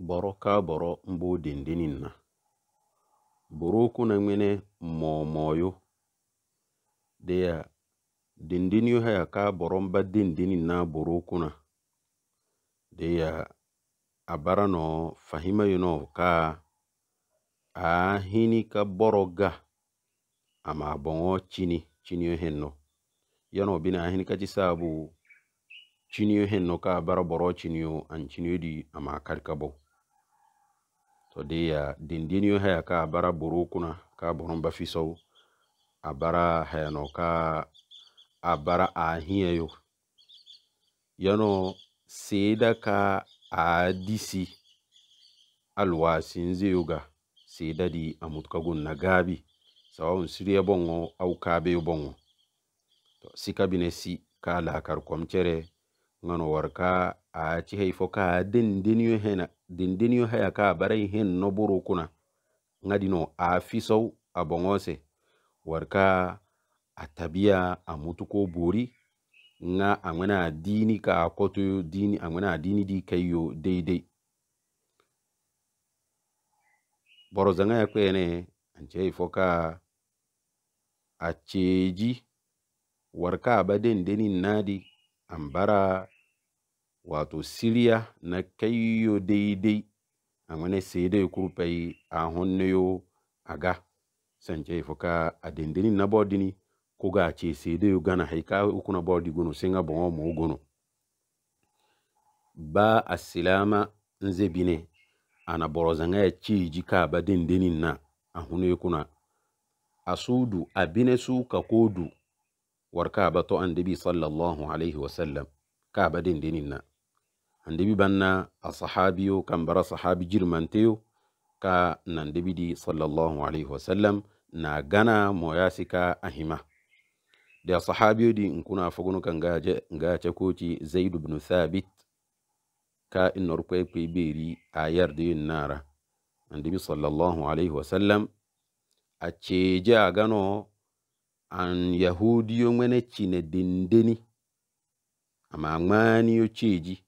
boro ka boro mbo dindinin na boro kuna ŋmene mɔɔmɔɔyo deya dindiniyo ya ka boro mba dindinin na boro na dị ya abara nɔ fahimayo nɔ ka a hini ka bọrọ ga ama bɔŋɔ chini chini chiniyo hen ya na obi na hini ka ci saabu chini hen nɔ ka abara bọrọ chini chiniyo an chiniyo di ama karika bau to de ya dindinio haya ka bara burukuna ka burun bafisow a bara hayano ka a bara ahiyayo yano seda ka a disi alwasin zeyuga seda di amutkagun na gabi sawawun siriya bongo au kabe bongo to sika bine si ka lakar kwamcere ngano warka a ci haifo ka dendenio hena dendenio haya ka barai hin no buru kuna no a fi sau a bongose warka a tabiya a mutu ko bori nga a ŋmena dini ka a koto dini a ŋmena dini di kayo daidai boro zanga ya ne, an ci haifo ka a ceji warka a ba dendenin nadi an bara wato siriya na kaiyo daidai a mana sai dai kurfai a ga san ce fuka a dendeni na ko ga a sai dai gana hai ka ukuna bɔdi gono seŋa bɔŋɔ mu gono ba a silama nze bine ana bɔrɔzaŋa ya ji ka ba dendenin na a hannuyo kuna a sudu a bine su ka kodu warka ba to annabi sallallahu alaihi wasallam ka ba dendenin na andebi banna asahabiyo kambara sahabi jirmanteyo ka nandebi di sallallahu alaihi wasallam na gana moyasi ka ahima da sahabiyo di nkuna fogunu kan gace koci zaidu bin thabit ka inor kwe kwe beri a yarda yin nara andebi sallallahu alaihi wasallam a ceje a gano an yahudiyo mene cine dindini amma ŋmaniyo ceji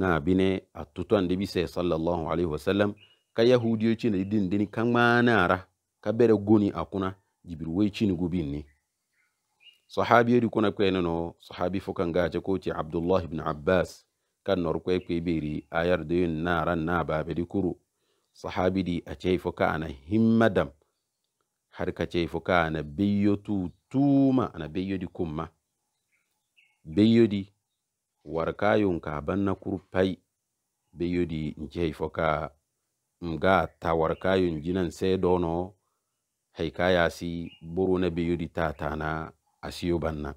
ŋaabine a tutan de bise salallahu alaihi wasallam ka yahudiyo cine di dindini ka ŋmaanaara ka bere goni a kuna jibiru wey cinigu binni sahaabiyo di kuna kwene no sahaabi fo kan gaaje ko ti abdullah ibn abbas ka nor kwe kwe beri ayar de yun naara naababe di kuru sahaabi di a cey fo ka ana himmadam har ka cey fo ka ana beyyo tu tuuma ana beyyo di kumma beyyo di warka ka banna kurpai be yodi nje foka mga ta warkayun jinan se dono haikaya si buru na be tana tatana asiyo banna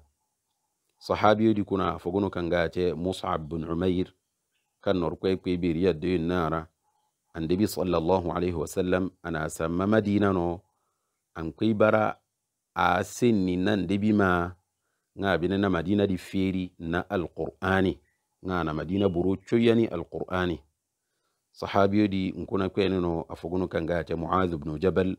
sahabi yudi kuna fogono kanga mus'ab bin umair kan norkwai kwe be ya de nara annabi sallallahu alaihi wa ana samma madina no an bara a sinni nan dibi ma nga bine na madina di feri na alqur'ani nga na madina buru coyani alqur'ani sahabi di nkuna kwenino afugunu kangate muadh ibn jabal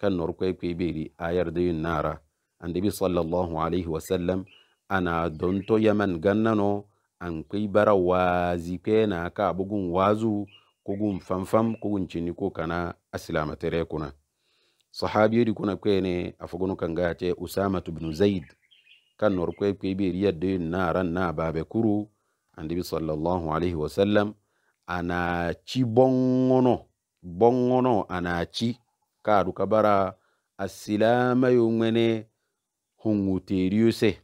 kan nor kwe kwe beri ayar da nara andibi sallallahu alayhi wa sallam ana donto yaman gannano an kwe bara wazi kwe na ka bugun wazu kugun fanfam kugun chini ko kana asilamatere kuna sahabi di kuna kwene afugunu kangate usama ibn zaid kan nor kwe kwe be riya de na ran na babe kuru annabi sallallahu alaihi wasallam ana ci bongono bongono ana ci kadu kabara asilama yo ngene hungu teriuse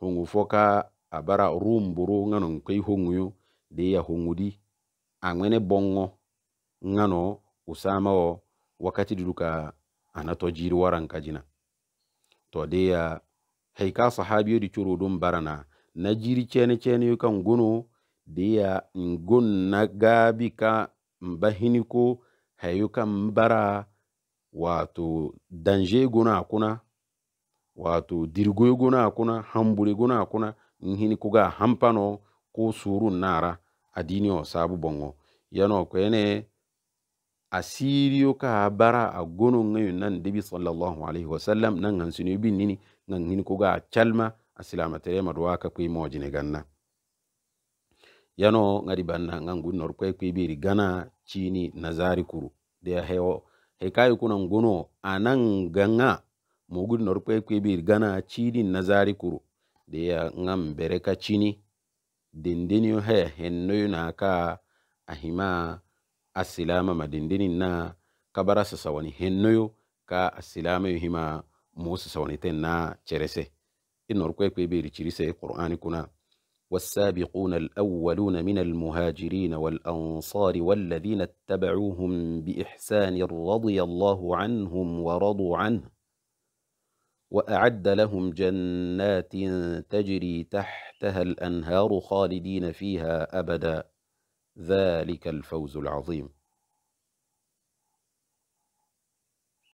hungu foka abara rumburu ngano kwe hungu yo de ya hungu di angwene bongo ngano usama o wakati duduka anatojiri waran kajina to de ya haika sahabiyo di curo dum barana na jiri cene cene yo kan gono diya ngon na gabi ka mbahini ko hayo kan bara wato danje guna akuna wato dirgoyo guna akuna hambure guna akuna nhini kuga hampano ko surun nara adini o sabu bongo yano kwene asiriyo ka bara a gonon ngayon nan dibi sallallahu alaihi wasallam nan hansini yubi nini nan hin kuga calma asilama terema ruwaka kui mojine ganna yano ngari banna ngangu norkwe kwi biri gana chini nazari kuru de hewo hekayu kuna nguno anan ganga mogun norkwe kwi biri gana chini nazari kuru de ya ngam bereka chini dindiniyo he hennoyu naka ahima asilama madindinin na kabara sasawani hennoyo ka asilama hima. موسى سوانيتين نا تشرسه إن ركوي كوي بيري تشرسه قرآن كنا والسابقون الأولون من المهاجرين والأنصار والذين اتبعوهم بإحسان رضي الله عنهم ورضوا عنه وأعد لهم جنات تجري تحتها الأنهار خالدين فيها أبدا ذلك الفوز العظيم